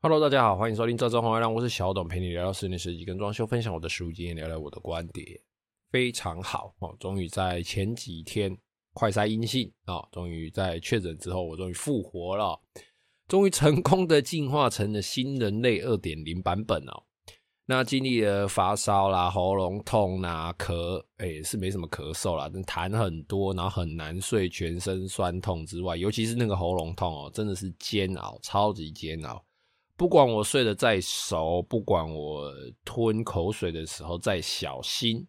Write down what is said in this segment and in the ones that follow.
Hello，大家好，歡迎收聽這歡迎《家裝紅月亮》，讓我是小董，陪你聊聊室內設計跟裝修，分享我的實務經驗，聊聊我的觀點。非常好哦，終於在前幾天快篩陰性啊，終於在確診之後，我終於復活了，終於成功的進化成了新人類二點零版本哦。那經歷了發燒啦、喉嚨痛啦、咳，誒，是沒什麼咳嗽啦，但痰很多，然後很難睡，全身酸痛之外，尤其是那個喉嚨痛哦，真的是煎熬，超級煎熬。不管我睡得再熟，不管我吞口水的時候再小心，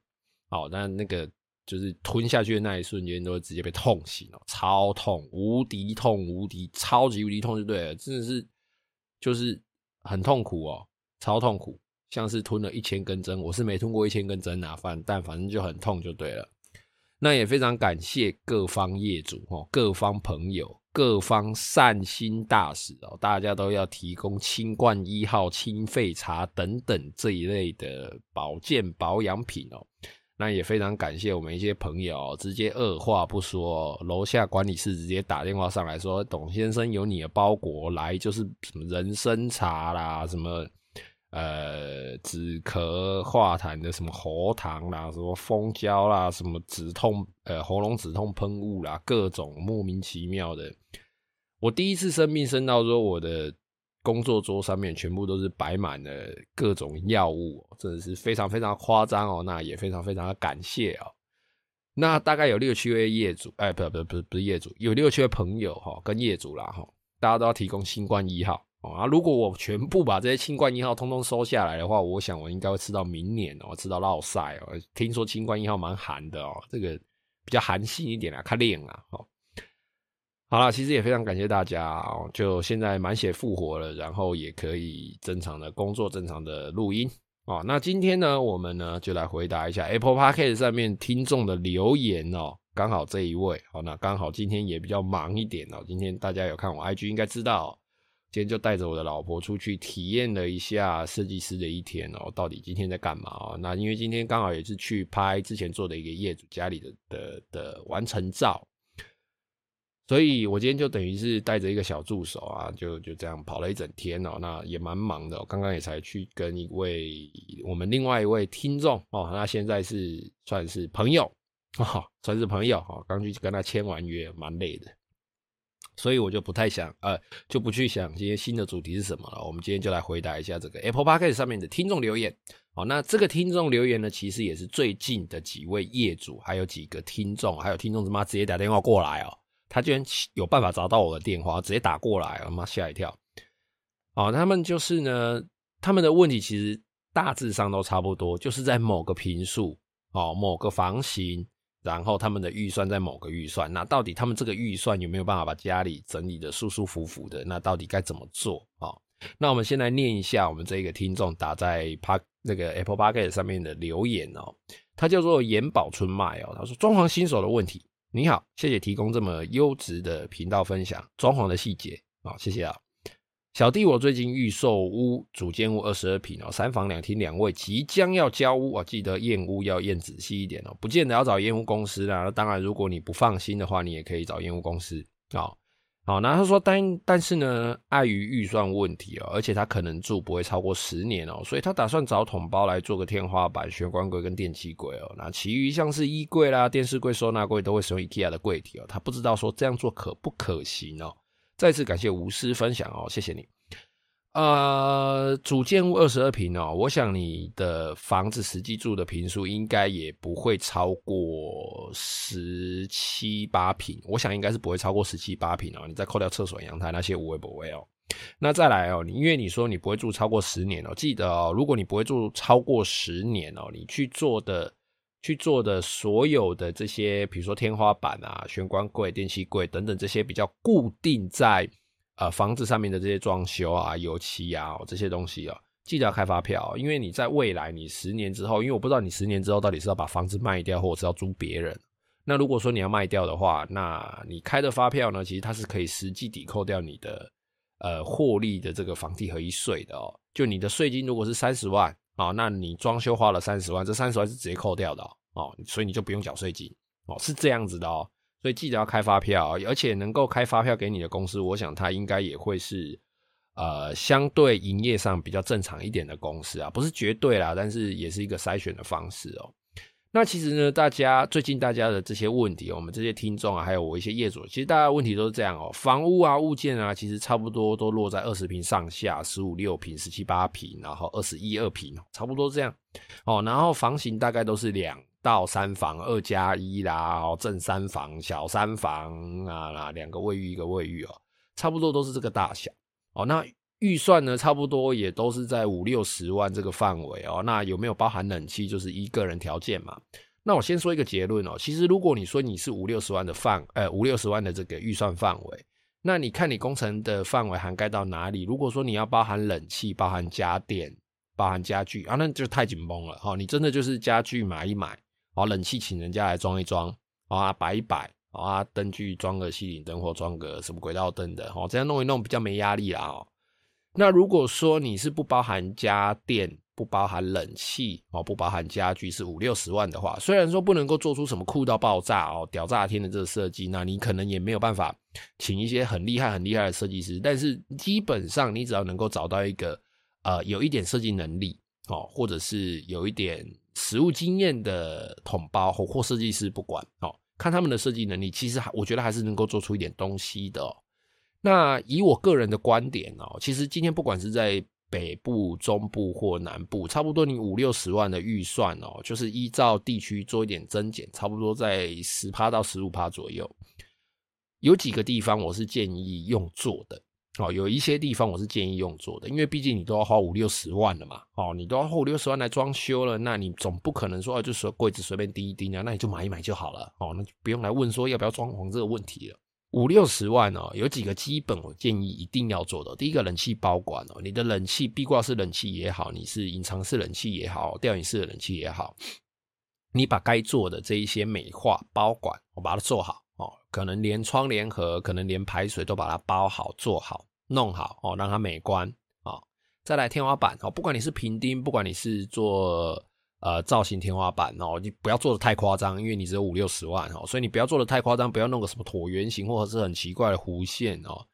好、哦，那那個就是吞下去的那一瞬間，都會直接被痛醒，超痛，無敵痛，無敵超級無敵痛，就對了，真的是就是很痛苦哦，超痛苦，像是吞了一千根針，我是沒吞過一千根針拿反，但反正就很痛就對了。那也非常感謝各方業主哦，各方朋友。各方善心大使哦，大家都要提供清冠一號、清肺茶等等這一類的保健保養品哦。那也非常感謝我們一些朋友哦，直接二話不說，樓下管理室直接打電話上來說，董先生有你的包裹來，就是什麼人參茶啦，什麼。呃，止咳化痰的什麼喉糖啦，什麼蜂膠啦，什麼止痛呃喉嚨止痛噴霧啦，各種莫名其妙的。我第一次生病，生到說我的工作桌上面全部都是擺滿了各種藥物，真的是非常非常誇張哦。那也非常非常的感謝哦、喔。那大概有六七位業主，哎、欸，不不不是不是業主，有六七位朋友哈、喔，跟業主啦哈、喔，大家都要提供新冠一號。哦、啊！如果我全部把這些清冠一號通通收下來的話，我想我應該會吃到明年哦，吃到落賽哦。聽說清冠一號蠻寒的哦，這個比較寒性一點看開裂啊。好、哦，好了，其實也非常感謝大家哦，就現在滿血復活了，然後也可以正常的工作，正常的錄音、哦、那今天呢，我們呢就來回答一下 Apple Podcast 上面聽眾的留言哦。剛好這一位哦，那剛好今天也比較忙一點哦。今天大家有看我 IG 應該知道。今天就帶着我的老婆出去體驗了一下設計師的一天哦，到底今天在幹嘛哦？那因為今天剛好也是去拍之前做的一個業主家裡的的的完成照，所以我今天就等於是帶着一個小助手啊，就就這樣跑了一整天哦。那也蠻忙的，剛剛也才去跟一位我們另外一位聽眾哦，那現在是算是朋友啊，算是朋友哈，剛去跟他簽完約，蠻累的。所以我就不太想，呃，就不去想今天新的主題是什麼了。我們今天就來回答一下這個 Apple Podcast 上面的聽眾留言。好、哦，那這個聽眾留言呢，其實也是最近的幾位業主，還有幾個聽眾，還有聽眾他媽直接打電話過來哦。他居然有辦法找到我的電話，直接打過來了，媽嚇一跳。好、哦、他們就是呢，他們的問題其實大致上都差不多，就是在某個平數，哦，某個房型。然後他們的預算在某個預算，那到底他們這個預算有沒有辦法把家裡整理得舒舒服服的？那到底該怎麼做啊、哦？那我們先來念一下我們這個聽眾打在帕那個 Apple Podcast 上面的留言哦，他叫做嚴寶春麥哦，他說：裝潢新手的問題。你好，謝謝提供這麼優質的頻道分享裝潢的細節啊、哦，謝謝啊、哦。小弟，我最近預售屋，主間屋二十二坪三房兩廳兩衛，即將要交屋，我記得驗屋要驗仔細一點哦，不見得要找驗屋公司，當然，如果你不放心的話，你也可以找驗屋公司。好，那他說但但是呢，礙於預算問題哦，而且他可能住不會超過十年哦，所以他打算找統包來做個天花板、玄關櫃跟電器櫃哦。那其餘像是衣櫃啦、電視櫃、收納櫃都會使用 IKEA 的櫃體哦。他不知道說這樣做可不可行哦。再次感謝無私分享哦，謝謝你。呃，主建物二十二坪哦，我想你的房子實際住的坪數應該也不會超過十七八坪，我想應該是不會超過十七八坪哦。你再扣掉廁所、陽台那些無謂不為哦。那再來哦，因為你說你不會住超過十年哦，記得哦，如果你不會住超過十年哦，你去做的。去做的所有的這些，比如說天花板啊、玄關櫃、電器櫃等等這些比較固定在呃房子上面的這些裝修啊、油漆啊喔，這些東西哦喔，記得要開發票喔，因為你在未來你十年之後，因為我不知道你十年之後到底是要把房子賣掉，或者是要租別人。那如果說你要賣掉的話，那你開的發票呢，其實它是可以實際抵扣掉你的呃獲利的這個房地合一稅的哦喔。就你的稅金如果是三十萬。好、哦、那你裝修花了三十萬，這三十萬是直接扣掉的哦，哦，所以你就不用繳稅金哦，是這樣子的哦，所以記得要開發票、哦，而且能夠開發票給你的公司，我想它應該也會是，呃，相對營業上比較正常一點的公司啊，不是絕對啦，但是也是一個篩選的方式哦。那其實呢，大家最近大家的這些問題，我們這些聽眾啊，還有我一些業主，其實大家的問題都是這樣哦，房屋啊、物件啊，其實差不多都落在二十坪上下，十五六坪、十七八坪，然後二十一二坪，差不多這樣哦。然後房型大概都是兩到三房，二加一啦，正三房、小三房啊，兩個衛浴一個衛浴哦，差不多都是這個大小哦。那預算呢，差不多也都是在五六十萬這個範圍哦。那有沒有包含冷氣？就是依個人條件嘛。那我先說一個結論哦。其實如果你說你是五六十萬的範，呃，五六十萬的這個預算範圍，那你看你工程的範圍涵蓋到哪裡？如果說你要包含冷氣、包含家電、包含家具啊，那就太緊繃了哈，哦。你真的就是家具買一買，哦，冷氣請人家來裝一裝，哦，啊擺一擺，哦，啊燈具裝個吸頂燈或裝個什麼軌道燈的，哦這樣弄一弄比較沒壓力啦，哦。那如果說你是不包含家電、不包含冷氣哦、不包含家具是五六十萬的話，雖然說不能夠做出什麼酷到爆炸哦、屌炸天的這個設計，那你可能也沒有辦法請一些很厲害、很厲害的設計師。但是基本上你只要能夠找到一個呃有一點設計能力哦，或者是有一點實務經驗的統包或設計師，不管哦，看他們的設計能力，其實我覺得還是能夠做出一點東西的。那以我個人的觀點哦，其實今天不管是在北部、中部或南部，差不多你五六十萬的預算哦，就是依照地區做一點增減，差不多在十趴到十五趴左右。有幾個地方我是建議用做的哦，有一些地方我是建議用做的，因為畢竟你都要花五六十萬了嘛，哦，你都要花五六十萬來裝修了，那你總不可能說、哎、就是櫃子隨便釘一釘啊，那你就買一買就好了，哦，那就不用來問說要不要裝潢這個問題了。五六十萬哦，有幾個基本我建議一定要做的。第一個冷氣包管哦，你的冷氣壁掛式冷氣也好，你是隱藏式冷氣也好，吊頂式的冷氣也好，你把該做的這一些美化包管，我、哦、把它做好哦。可能連窗簾盒，可能連排水都把它包好、做好、弄好哦，讓它美觀哦。再來天花板哦，不管你是平釘，不管你是做。呃，造型天花板哦，你不要做的太誇張，因為你只有五六十萬哦，所以你不要做的太誇張，不要弄個什麼橢圓形或者是很奇怪的弧線哦。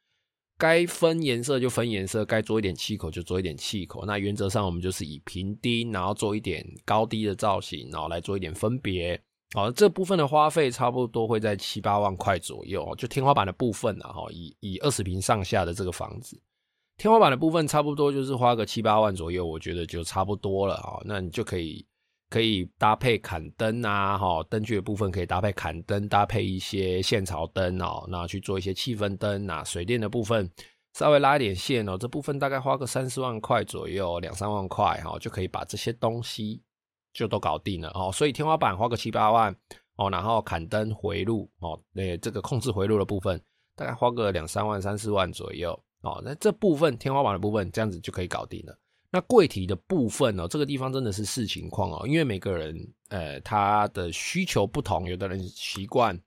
該分顏色就分顏色，該做一點氣口就做一點氣口。那原則上我們就是以平釘，然後做一點高低的造型，然後，哦，來做一點分別。好，哦，這部分的花費差不多會在七八萬塊左右，就天花板的部分呢，哈，哦，以以二十坪上下的這個房子，天花板的部分差不多就是花個七八萬左右，我覺得就差不多了啊，哦。那你就可以。可以搭配砍燈啊，哈，燈具的部分可以搭配砍燈，搭配一些線槽燈哦，那去做一些氣氛燈啊。水電的部分稍微拉一點線哦，這部分大概花個三四萬塊左右，兩三萬塊哈，就可以把這些東西就都搞定了哦。所以天花板花個七八萬哦，然後砍燈回路哦，誒，這個控制回路的部分大概花個兩三萬、三四萬左右哦。那這部分天花板的部分這樣子就可以搞定了。那櫃體的部分呢、哦？這個地方真的是視情況哦，因為每個人呃他的需求不同，有的人習慣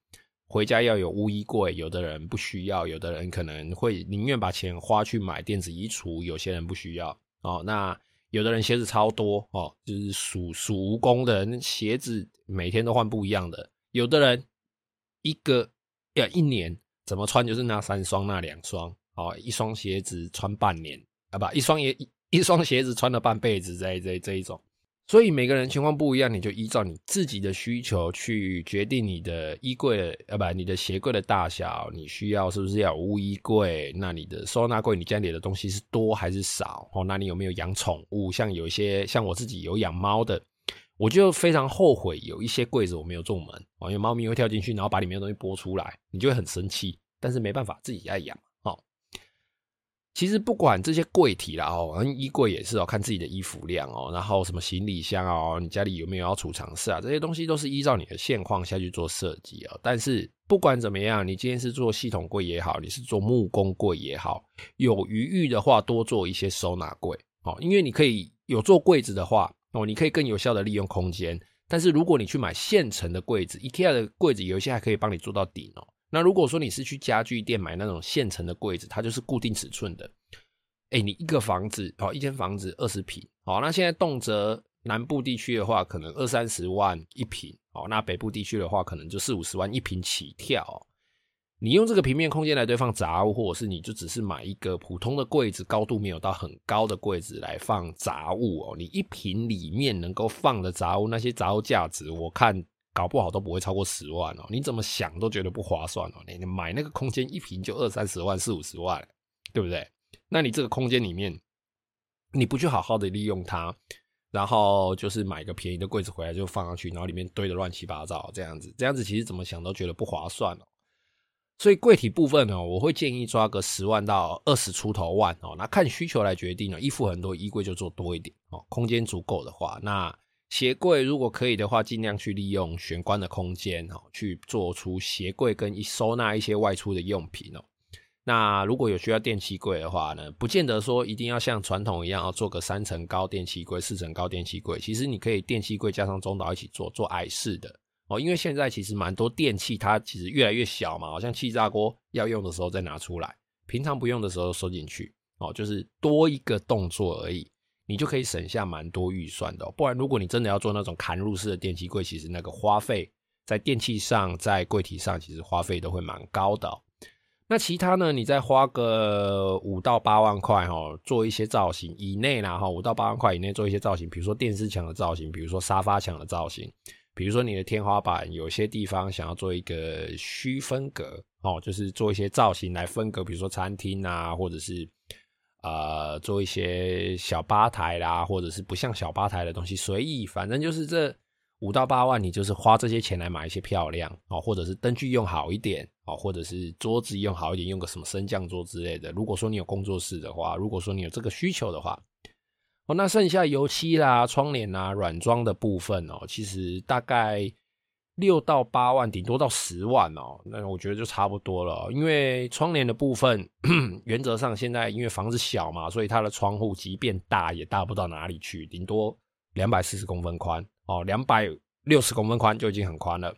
回家要有污衣櫃，有的人不需要，有的人可能會寧願把錢花去買電子衣櫥，有些人不需要哦。那有的人鞋子超多哦，就是屬屬蜈蚣的人鞋子每天都換不一樣的，有的人一個呀一年怎麼穿就是那三雙那兩雙哦，一雙鞋子穿半年啊不一雙也。一雙鞋子穿了半輩子，這這一這一種，所以每個人情況不一樣，你就依照你自己的需求去決定你的衣櫃的，要、啊、不，你的鞋櫃的大小，你需要是不是要無衣櫃？那你的收納櫃，你家裡的東西是多還是少？哦，那你有沒有養寵物？像有一些，像我自己有養貓的，我就非常後悔有一些櫃子我沒有做門，因為貓咪會跳進去，然後把裡面的東西撥出來，你就會很生氣，但是沒辦法，自己愛養。其實不管這些櫃體啦哦，衣櫃也是哦，看自己的衣服量哦，然後什麼行李箱哦，你家裡有沒有要儲藏室啊？這些東西都是依照你的現況下去做設計哦。但是不管怎麼樣，你今天是做系統櫃也好，你是做木工櫃也好，有餘裕的話多做一些收納櫃哦，因為你可以有做櫃子的話哦，你可以更有效地利用空間。但是如果你去買現成的櫃子，IKEA 的櫃子有一些還可以幫你做到頂哦。那如果說你是去家具店買那種現成的櫃子，它就是固定尺寸的。哎、欸，你一個房子哦，一間房子二十坪哦，那現在動輒南部地區的話，可能二三十萬一坪哦，那北部地區的話，可能就四五十萬一坪起跳。你用這個平面空間來堆放雜物，或者是你就只是買一個普通的櫃子，高度沒有到很高的櫃子來放雜物哦，你一坪裡面能夠放的雜物，那些雜物價值我看，搞不好都不會超過十萬哦、喔，你怎麼想都覺得不划算哦、喔。你買那個空間一坪就二三十萬四五十萬，欸，對不對？那你這個空間裡面，你不去好好的利用它，然後就是買個便宜的櫃子回來就放上去，然後裡面堆的亂七八糟，這樣子，這樣子其實怎麼想都覺得不划算哦、喔。所以櫃體部分哦、喔，我會建議抓個十萬到二十出頭萬哦，那看需求來決定哦、喔。衣服很多，衣櫃就做多一點哦、喔，空間足夠的話，那。鞋櫃如果可以的話，盡量去利用玄關的空間哦、喔，去做出鞋櫃跟一收納一些外出的用品哦、喔。那如果有需要電器櫃的話呢，不見得說一定要像傳統一樣要、喔、做個三層高電器櫃、四層高電器櫃。其實你可以電器櫃加上中島一起做，做矮式的哦、喔。因為現在其實蠻多電器它其實越來越小嘛，好像氣炸鍋要用的時候再拿出來，平常不用的時候收進去哦、喔，就是多一個動作而已。你就可以省下蠻多預算的、喔，不然如果你真的要做那種嵌入式的電器櫃，其實那個花費在電器上、在櫃體上，其實花費都會蠻高的、喔。那其他呢？你再花個五到八萬塊哈、喔，做一些造型以內啦哈，五到八萬塊以內做一些造型，比如說電視牆的造型，比如說沙發牆的造型，比如說你的天花板有些地方想要做一個虛分隔哦，就是做一些造型來分隔，比如說餐廳啊，或者是。呃，做一些小吧台啦，或者是不像小吧台的東西，隨意，反正就是這五到八萬，你就是花這些錢來買一些漂亮哦，或者是燈具用好一點哦，或者是桌子用好一點，用個什麼升降桌之類的。如果說你有工作室的話，如果說你有這個需求的話，哦，那剩下油漆啦、窗簾啦、軟裝的部分哦，其實大概。六到八萬，頂多到十萬哦，那我覺得就差不多了喔。因為窗簾的部分， 原則上現在因為房子小嘛，所以它的窗戶即便大也大不到哪裡去，頂多兩百四十公分寬哦，兩百六十公分寬就已經很寬了。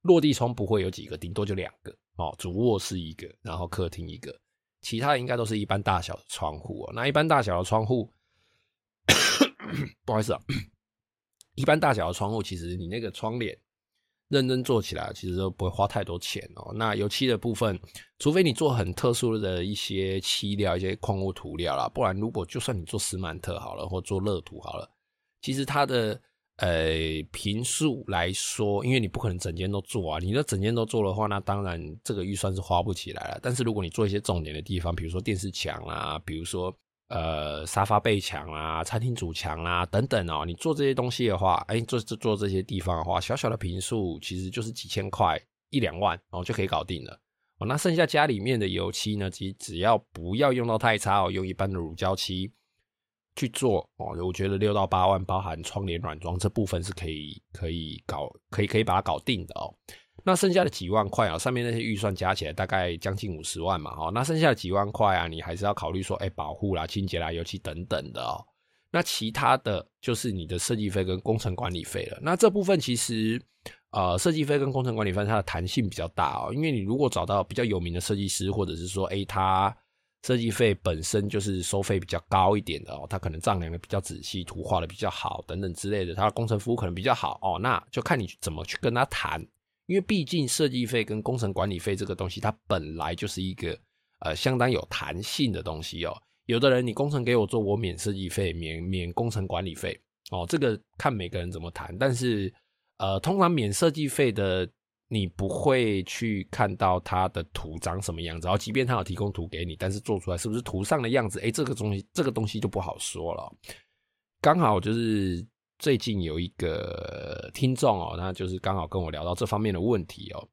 落地窗不會有幾個，頂多就兩個哦，主臥室一個，然後客廳一個，其他的應該都是一般大小的窗戶喔。那一般大小的窗戶， 不好意思啊，一般大小的窗戶，其實你那個窗簾。認真做起來，其實都不會花太多錢哦。那油漆的部分，除非你做很特殊的一些漆料，一些礦物塗料啦，不然如果就算你做石曼特好了，或做樂土好了，其實它的呃坪數來說，因為你不可能整間都做啊。你若整間都做的話，那當然這個預算是花不起來了。但是如果你做一些重點的地方，比如說電視牆啊，比如說。呃，沙發背牆啊，餐廳主牆啊，等等哦，你做這些東西的話，哎，做做做這些地方的話，小小的坪數其實就是幾千塊，一兩萬哦，就可以搞定了哦。那剩下家裡面的油漆呢，其實只要不要用到太差哦，用一般的乳膠漆去做哦，我覺得六到八萬，包含窗簾軟裝這部分是可以可以搞，可以可以把它搞定的哦。那剩下的幾萬塊啊，上面那些預算加起來大概將近五十萬嘛、喔，那剩下的幾萬塊啊，你還是要考慮說，哎，保護啦、清潔啦、油漆等等的哦。那其他的就是你的設計費跟工程管理費了。那這部分其實，呃，設計費跟工程管理費它的彈性比較大哦，因為你如果找到比較有名的設計師，或者是說，哎，他設計費本身就是收費比較高一點的哦，他可能丈量的比較仔細，圖畫的比較好，等等之類的，他的工程服務可能比較好哦，那就看你怎麼去跟他談。因為畢竟設計費跟工程管理費這個東西，它本來就是一個呃相當有彈性的東西哦、喔。有的人你工程給我做，我免設計費，免免工程管理費哦，這個看每個人怎麼談。但是呃，通常免設計費的，你不會去看到它的圖長什麼樣子。然後即便他有提供圖給你，但是做出來是不是圖上的樣子？哎，這個東西這個東西就不好說了、喔。剛好就是。最近有一個聽眾哦，他就是剛好跟我聊到這方面的問題哦。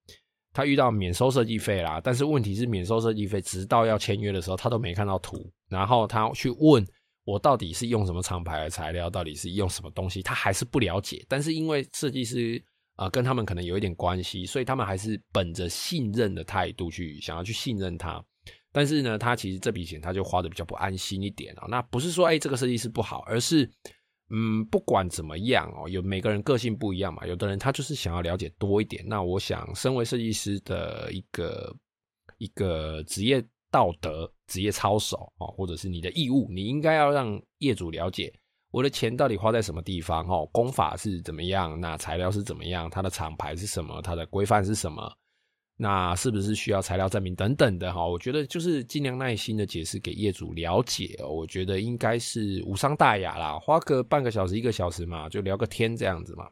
他遇到免收設計費啦，但是問題是免收設計費，直到要簽約的時候，他都沒看到圖。然後他去問我到底是用什麼廠牌的材料，到底是用什麼東西，他還是不了解。但是因為設計師啊，呃，跟他們可能有一點關係，所以他們還是本着信任的態度去想要去信任他。但是呢，他其實這筆錢他就花得比較不安心一點，哦，那不是說，哎，這個設計師不好，而是。嗯，不管怎麼樣哦，有每個人個性不一樣嘛，有的人他就是想要了解多一點。那我想，身為設計師的一個一個職業道德、職業操守或者是你的義務，你應該要讓業主了解我的錢到底花在什麼地方，哦，工法是怎麼樣，那材料是怎麼樣，它的廠牌是什麼，它的規範是什麼。那是不是需要材料證明等等的哈？我覺得就是盡量耐心的解釋給業主了解，我覺得應該是無傷大雅啦，花個半個小時一個小時嘛，就聊個天這樣子嘛。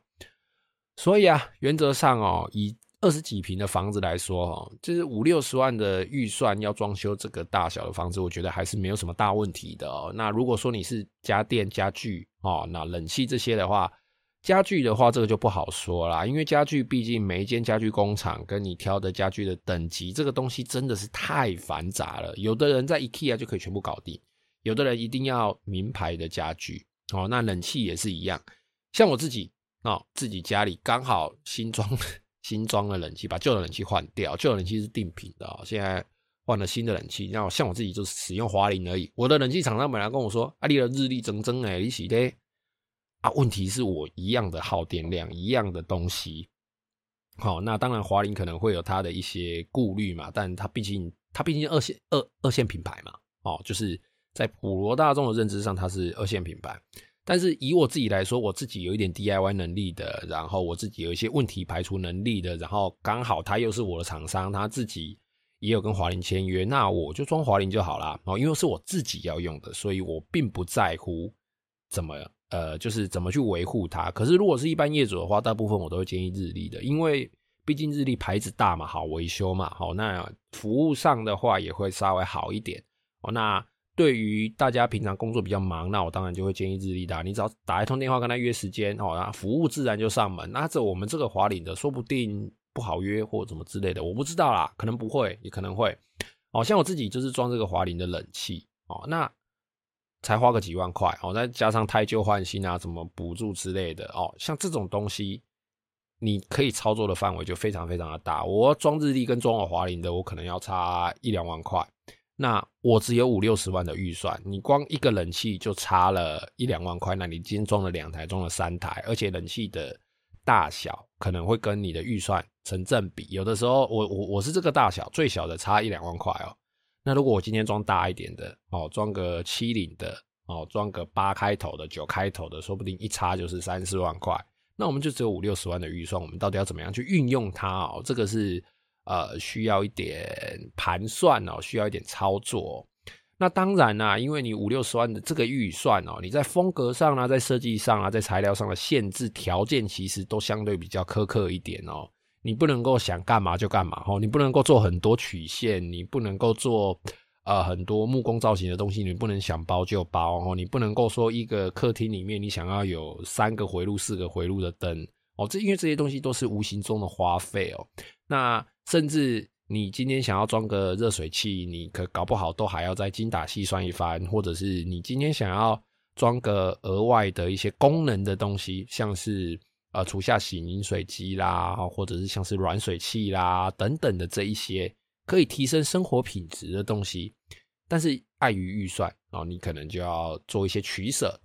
所以啊，原則上哦，以二十幾坪的房子來說哦，就是五六十萬的預算要裝修這個大小的房子，我覺得還是沒有什麼大問題的哦。那如果說你是家電、家具哦，那冷氣這些的話。家具的話，這個就不好說啦，因為家具畢竟每一間家具工廠跟你挑的家具的等級，這個東西真的是太繁雜了。有的人在 IKEA 就可以全部搞定，有的人一定要名牌的家具。哦，那冷氣也是一樣，像我自己，哦，自己家裡剛好新裝新裝了冷氣，把舊的冷氣換掉，舊的冷氣是定頻的，現在換了新的冷氣。然後像我自己就是使用華凌而已。我的冷氣廠商本來跟我說，阿、啊、你的日曆整整，哎，你洗的。啊，問題是我一樣的耗電量，一樣的東西。好，哦，那當然華凌可能會有它的一些顧慮嘛，但它畢竟它畢竟二線二二線品牌嘛，哦，就是在普羅大眾的認知上它是二線品牌。但是以我自己來說，我自己有一點 DIY 能力的，然後我自己有一些問題排除能力的，然後剛好它又是我的廠商，它自己也有跟華凌簽約，那我就裝華凌就好了。哦，因為是我自己要用的，所以我並不在乎怎麼。呃，就是怎麼去維護它。可是如果是一般業主的話，大部分我都會建議日立的，因為畢竟日立牌子大嘛，好維修嘛，好，那服務上的話也會稍微好一點。哦，那對於大家平常工作比較忙，那我當然就會建議日立的，啊。你只要打一通電話跟他約時間，哦，那服務自然就上門。那這我們這個華凌的，說不定不好約或怎麼之類的，我不知道啦，可能不會，也可能會。哦，像我自己就是裝這個華凌的冷氣，哦，那。才花個幾萬塊哦，再加上汰舊換新啊，什麼補助之類的哦，像這種東西，你可以操作的範圍就非常非常的大。我裝日立跟裝我華菱的，我可能要差一兩萬塊。那我只有五六十萬的預算，你光一個冷氣就差了一兩萬塊，那你今天裝了兩台，裝了三台，而且冷氣的大小可能會跟你的預算成正比。有的時候我，我我我是這個大小，最小的差一兩萬塊哦。那如果我今天裝大一點的哦，裝個七零的哦，裝個八開頭的、九開頭的，說不定一差就是三四萬塊。那我們就只有五六十萬的預算，我們到底要怎麼樣去運用它哦？這個是呃需要一點盤算哦，需要一點操作。那當然啦、啊，因為你五六十萬的這個預算哦，你在風格上啊，在設計上啊，在材料上的限制條件，其實都相對比較苛刻一點哦。你不能夠想幹嘛就幹嘛，你不能夠做很多曲線，你不能夠做、呃、很多木工造型的東西，你不能想包就包，你不能夠說一個客廳裡面你想要有三個回路、四個回路的燈這、哦、因為這些東西都是無形中的花費哦。那甚至你今天想要裝個熱水器，你可搞不好都還要再精打細算一番，或者是你今天想要裝個額外的一些功能的東西，像是。啊，廚、呃、下洗飲水機啦，或者是像是軟水器啦等等的這一些，可以提升生活品質的東西，但是礙於預算，然、哦、你可能就要做一些取舍，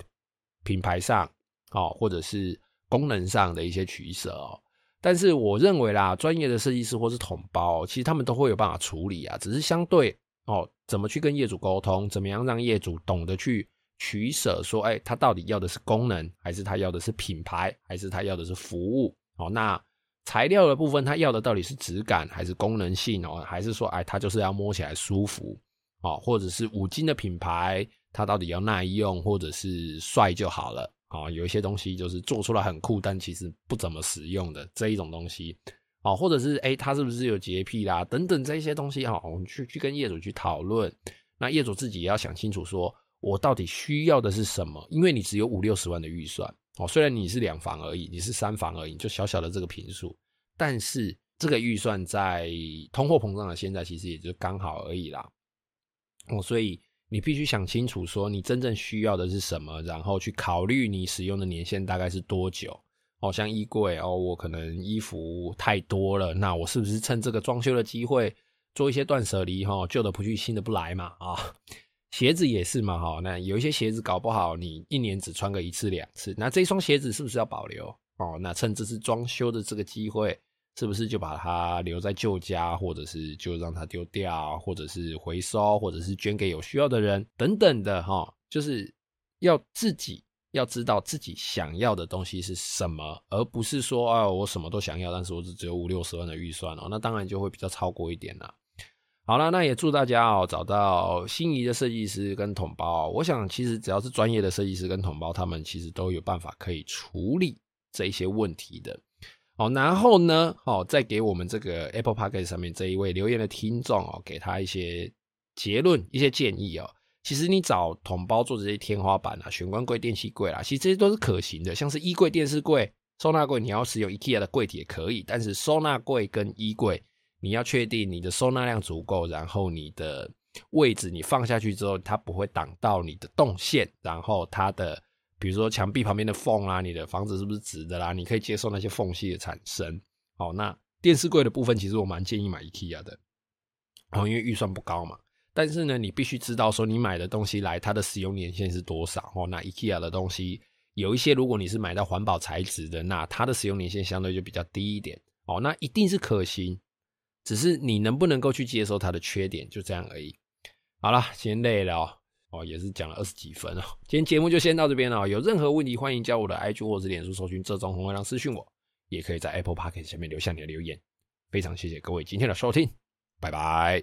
品牌上哦，或者是功能上的一些取舍、哦。但是我認為啦，專業的設計師或是統包，其實他們都會有辦法處理啊，只是相對哦，怎麼去跟業主溝通，怎麼樣讓業主懂得去。取捨說，哎、欸，他到底要的是功能，還是他要的是品牌，還是他要的是服務？哦，那材料的部分，他要的到底是質感，還是功能性哦？還是說，哎、欸，他就是要摸起來舒服，哦，或者是五金的品牌，他到底要耐用，或者是帥就好了？啊、哦，有一些東西就是做出來很酷，但其實不怎麼實用的這一種東西，哦，或者是哎、欸，他是不是有潔癖啦？等等這些東西，哈、哦，我們去去跟業主去討論，那業主自己也要想清楚說。我到底需要的是什麼？因為你只有五六十萬的預算哦，雖然你是兩房而已，你是三房而已，就小小的這個坪數，但是這個預算在通貨膨脹的現在，其實也就剛好而已啦。所以你必須想清楚，說你真正需要的是什麼，然後去考慮你使用的年限大概是多久哦。像衣櫃哦，我可能衣服太多了，那我是不是趁這個裝修的機會做一些斷捨離，舊的不去，新的不來嘛啊。鞋子也是嘛，哈，那有一些鞋子搞不好你一年只穿個一次兩次，那這雙鞋子是不是要保留？哦，那趁這次裝修的這個機會，是不是就把它留在舊家，或者是就讓它丟掉，或者是回收，或者是捐給有需要的人等等的，哈，就是要自己要知道自己想要的東西是什麼，而不是說啊、哎、我什麼都想要，但是我只只有五六十萬的預算哦，那當然就會比較超過一點了。好了，那也祝大家哦找到心儀的設計師跟統包，哦。我想，其實只要是專業的設計師跟統包，他們其實都有辦法可以處理這一些問題的。好，哦，然後呢，哦，再給我們這個 Apple Podcast 上面這一位留言的聽眾哦，給他一些結論一些建議哦。其實你找統包做這些天花板啊，玄關櫃、電器櫃啦，其實這些都是可行的。像是衣櫃、電視櫃、收納櫃，你要使用 IKEA 的櫃體也可以。但是收納櫃跟衣櫃，你要確定你的收納量足夠，然後你的位置你放下去之後，它不會擋到你的動線，然後它的，比如說牆壁旁邊的縫啊，你的房子是不是直的啦、啊，你可以接受那些縫隙的產生。哦，那電視櫃的部分其實我蠻建議買 IKEA 的，哦，因為預算不高嘛。但是呢，你必須知道說你買的東西來，它的使用年限是多少。哦，那 IKEA 的東西有一些，如果你是買到環保材質的，那它的使用年限相對就比較低一點。哦，那一定是可行。只是你能不能夠去接受它的缺點，就這樣而已。好了，今天累了哦、喔，哦、喔、也是講了二十幾分哦、喔。今天節目就先到這邊了、喔，有任何問題歡迎加我的 IG 或是臉書搜尋“浙中紅二郎”私訊我，也可以在 Apple Podcast 下面留下你的留言。非常謝謝各位今天的收聽，拜拜。